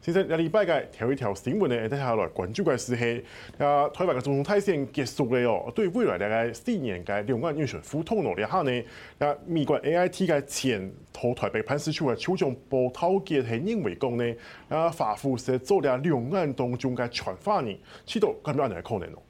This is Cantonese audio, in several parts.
先生，禮拜嘅一聽一條新聞咧，睇下來。關注嘅事係啊，台灣嘅總統選舉結束了，哦，對未來大概四年嘅兩岸議程互通努力下呢，啊，美國 AIT 嘅前頭台北辦事處嘅，處長包道格係認為講呢，啊，華府做了兩岸當中嘅傳話人呢，啟動，咁樣就可能咯。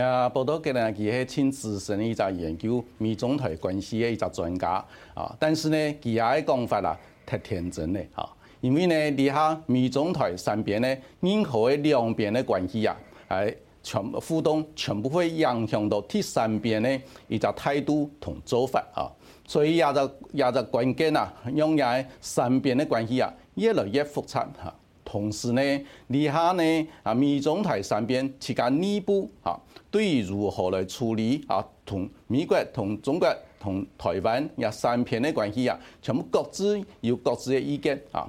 啊，包道格呢，佢係親自身嘅一個研究，美中台關係嘅一個專家啊，但是呢，其他嘅講法啦，太天真嘅啊。哦因為呢，你喺美中台三邊呢，任何嘅兩邊的關係啊，誒，全部互動，全部會影響到第三邊呢，一個態度同做法啊。所以也着也就關鍵啦、啊，因為三邊的關係啊，越來越複雜。啊、同時呢，你喺呢，啊美中台三邊期間內部啊，對於如何來處理啊同美國、同中國、同台灣也三邊的關係啊，全部各自有各自嘅意見啊。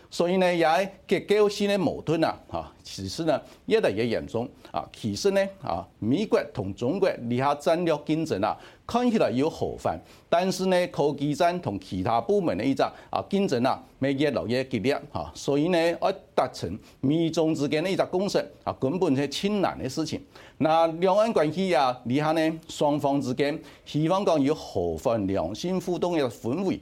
所以呢，也係結構性嘅矛盾啊，啊，其實呢越嚟越嚴重啊，其實呢啊，美國同中國底下戰略競爭啊，看起來有和平，但是呢科技戰同其他部門嘅一隻啊競爭啊，越嚟越激烈嚇，所以呢要達成美中之間呢一個共識啊，根本係困難嘅事情。嗱，兩岸關係啊，底下呢雙方之間希望講有和平良性互動嘅氛圍。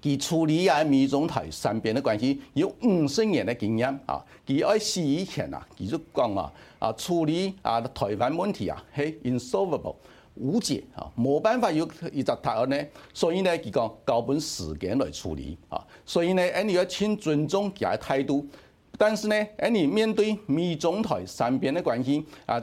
佢處、啊啊啊啊、處理啊，美中台三邊的關係有五十年的經驗啊，佢喺是以前啊，佢就講啊，啊處理啊台灣問題啊係，hey, insolvable 無解啊，沒辦法有一個台灣呢。所以呢，佢講交本時間來處理啊，所以咧、嗯、你要請尊重佢的態度，但是咧你、嗯嗯、面對美中台三邊的關係啊。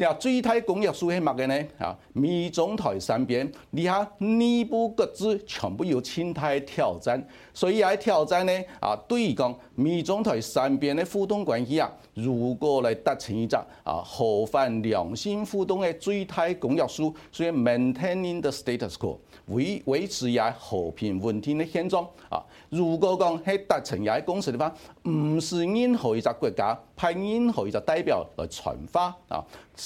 你話最大公約數係乜嘅呢？嚇、啊，美中台三邊，你嚇內部各自全部有千台的挑戰，所以啊，挑戰呢啊，對於講美中台三邊嘅互動關係啊，如果嚟達成一隻啊合法良性互動嘅最大公約數，所以 maintaining the status quo 維維持一和平穩定嘅現狀啊，如果講係達成一啲公司嘅話，唔是任何一隻國家派任何一隻代表嚟傳話啊。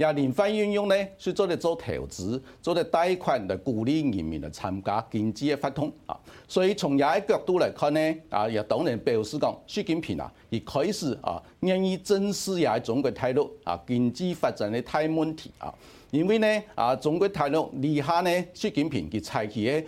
又連發應用呢，去做啲做投資，做啲貸款嚟鼓勵人民嚟參加經濟嘅發通啊。所以從也角度來看呢，啊，又當然表示講，習近平啊，亦開始啊，願意正視也中國大陸啊經濟發展嘅大問題啊，因為呢，啊，中國大陸以下呢，習近平佢採取嘅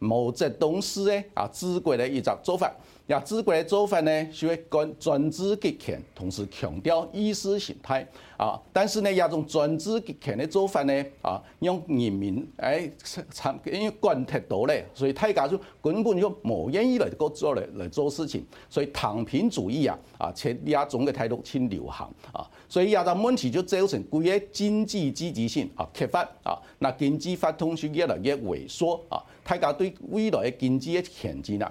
毛澤東式嘅啊治國嘅一種做法。也治國嘅做法呢，就會專專制極權，同時強調意識形態啊。但是呢，也種專制極權的做法呢，啊，讓人民誒參、哎、因為管太多了，所以大家就根本就冇願意來嗰做來嚟做事情。所以躺平主義啊，啊，且也種的態度請流行啊。所以也就問題就造成規個經濟積極性啊缺乏啊，那經濟發通就越來越萎縮啊，大、啊、家對未來的經濟的前景啊。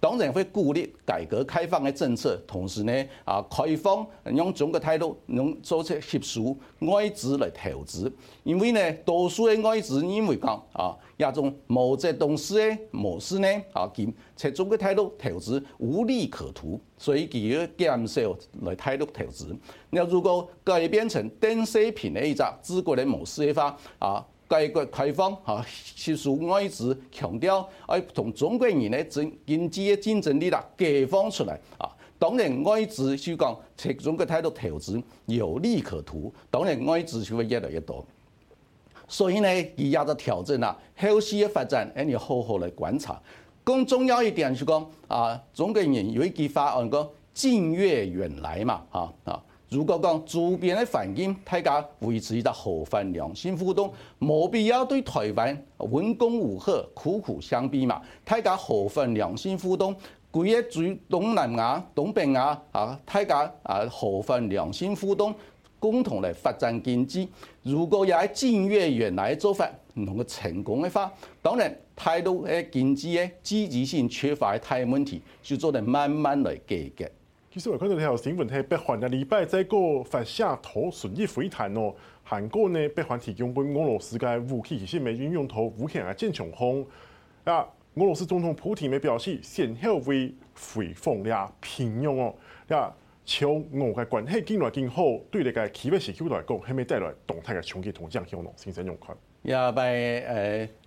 當然會鼓勵改革開放的政策，同時呢啊開放讓中國態度，能做出吸收外資來投資，因為呢多數的外資因為講啊亞洲某些東西的模式呢啊其在中國態度投資無利可圖，所以給予減少來大陸投資。那如果改變成電視品的一種資國的模式的話啊改革開放，嚇，實訴外資強調，誒同中國人咧經濟嘅競爭力啦，解放出嚟啊，當然外資就講喺中國太多投資有利可圖。當然外資就會越來越多，所以呢，而家嘅調整啊後期嘅發展誒要你好好嚟觀察。更重要一點是說，啊，中國人有一句話，我講近悅遠來嘛，啊啊！如果講周邊的環境，大家維持一個和平良性互動，無必要對台灣文攻武嚇苦苦相逼嘛。大家和平良性互動，整個東南亞、東北亞，大家和平良性互動，共同來發展經濟。如果要超越原來做法，唔能夠成功的話，當然態度和經濟的積極性缺乏太問題，就做得慢慢來解決。所以看到一條新聞，係北韓個禮拜再個發射土順葉飛彈咯。韓國呢，北韓提供給俄羅斯個武器，其實美軍用土武器啊，真強悍。啊，俄羅斯總統普京咪表示，先後為釋放倆平庸哦，倆朝俄嘅關係越來越好，對個個氣候時局來講，係咪帶來動態嘅衝擊同影響咯？先生，你看。也被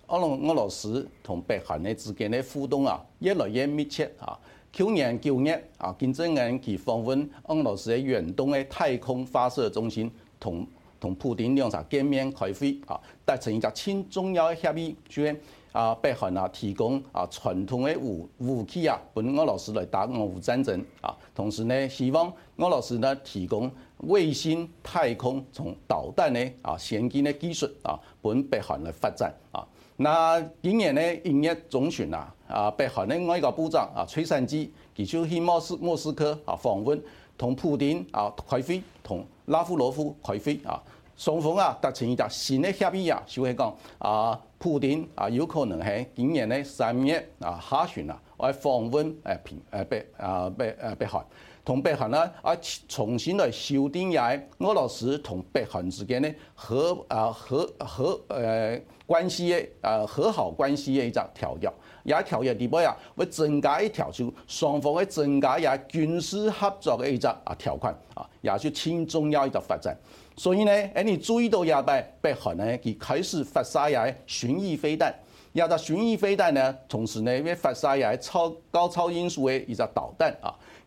誒，俄羅俄羅斯同北韓嘅之間嘅互動啊，越來越密切啊。去年九月啊，金正恩去訪問俄羅斯的遠東的太空發射中心，同同普丁兩場見面開會啊，達成一個真重要的協議，就是啊北韓啊提供啊傳統的武武器啊本俄羅斯來打俄烏戰爭啊，同時呢，希望俄羅斯呢提供衛星太空從導彈的啊先進的技術啊本北韓來發展啊那今年咧，一月中旬啊，啊，北韓的外交部長啊，崔善基，佢就去莫斯莫斯科啊訪問，同普丁啊開會，同拉夫羅夫開會啊，雙方啊達成一個新的協議啊，所以講啊，普丁啊有可能喺今年咧三月啊下旬啊，來訪問誒平誒北誒北誒北，北韓。同北韓呢啊重新來修訂下俄羅斯同北韓之間呢和啊和和呃關係嘅誒和好關係的一則條約。也條約點解啊？為增加一條條，雙方嘅增加也軍事合作的一則啊條款啊，也就很重要的一個發展。所以呢誒你注意到呀？唔，北韓呢佢開始發射嘅巡弋飛彈，而家巡弋飛彈呢，同時呢，佢發射嘅超高超音速的一隻導彈啊。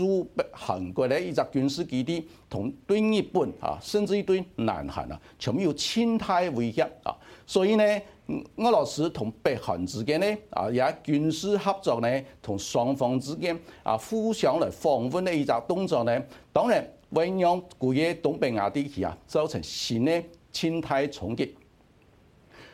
駐北韓國的一隻軍事基地同對日本啊，甚至於對南韓啊，全部有侵太威脅啊。所以呢，俄羅斯同北韓之間呢，啊，有軍事合作呢，同雙方之間啊，互相來防範的一隻動作呢，當然，威脅佢嘅東北亞地區啊，造成新的侵太衝擊。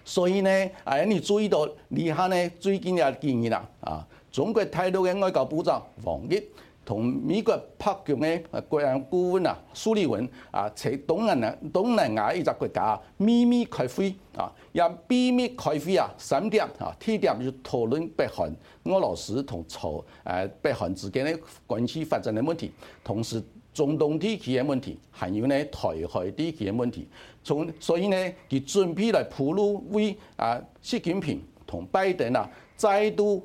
所以呢，啊，你注意到以下呢，最近又建議啦啊，中國態度的外交部長王毅。同美國派遣嘅國安顧問啊，蘇利文啊，在東南亞東南亞呢啲國家秘密開會啊，因秘密開會啊，三點啊，天點就討論北韓俄羅斯同朝誒北韓之間嘅關係發展嘅問題，同時中東地區嘅問題，還有呢台海地區嘅問題。從所以呢，佢準備嚟鋪路俾啊習近平同拜登啊再度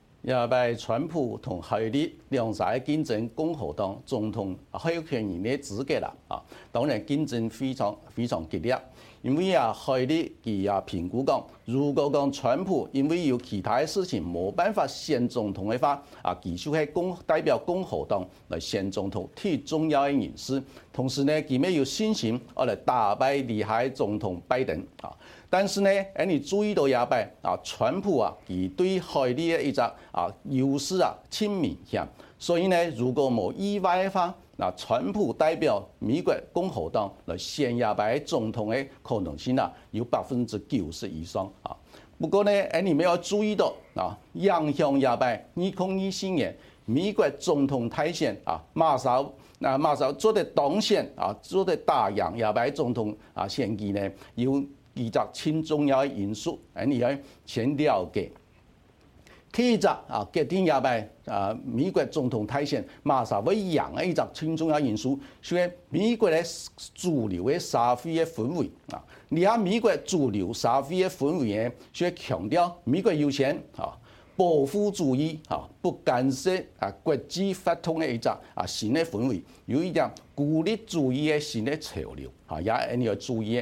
也被川普同海利兩者競爭共和黨總統候選人嘅資格啦，啊，當然競爭非常非常激烈，因為啊海利佢啊評估講，如果講川普因為有其他事情冇辦法選總統嘅話，啊，至少係公代表共和黨來選總統，提重要嘅人士，同時呢佢咩要有信心來打敗厲害總統拜登啊。但是呢，哎，你注意到美國，啊，川普啊，其對海利嘅一只啊優勢啊，很、啊、明顯。所以呢，如果無意外嘅話，那川普代表美國共和黨來選美國總統嘅可能性啊，有百分之九十以上。啊。不過呢，哎，你沒有注意到啊？影響美國，尼講你新嘅美國總統大選啊，馬紹那馬紹做得當選啊，做得大洋美國，總統啊選舉呢，有二則重要因素，誒你喺強調嘅。第三啊，今天也係誒美國總統大選馬薩維人嘅一則重要嘅因素，所以美國咧主流嘅社會嘅氛圍啊，你喺美國主流社會嘅氛圍咧，所以強調美國優先嚇，保、啊、護主義嚇、啊，不干涉啊國際法統嘅一則啊新嘅氛圍，有一種孤立主義嘅新嘅潮流嚇，也你要注意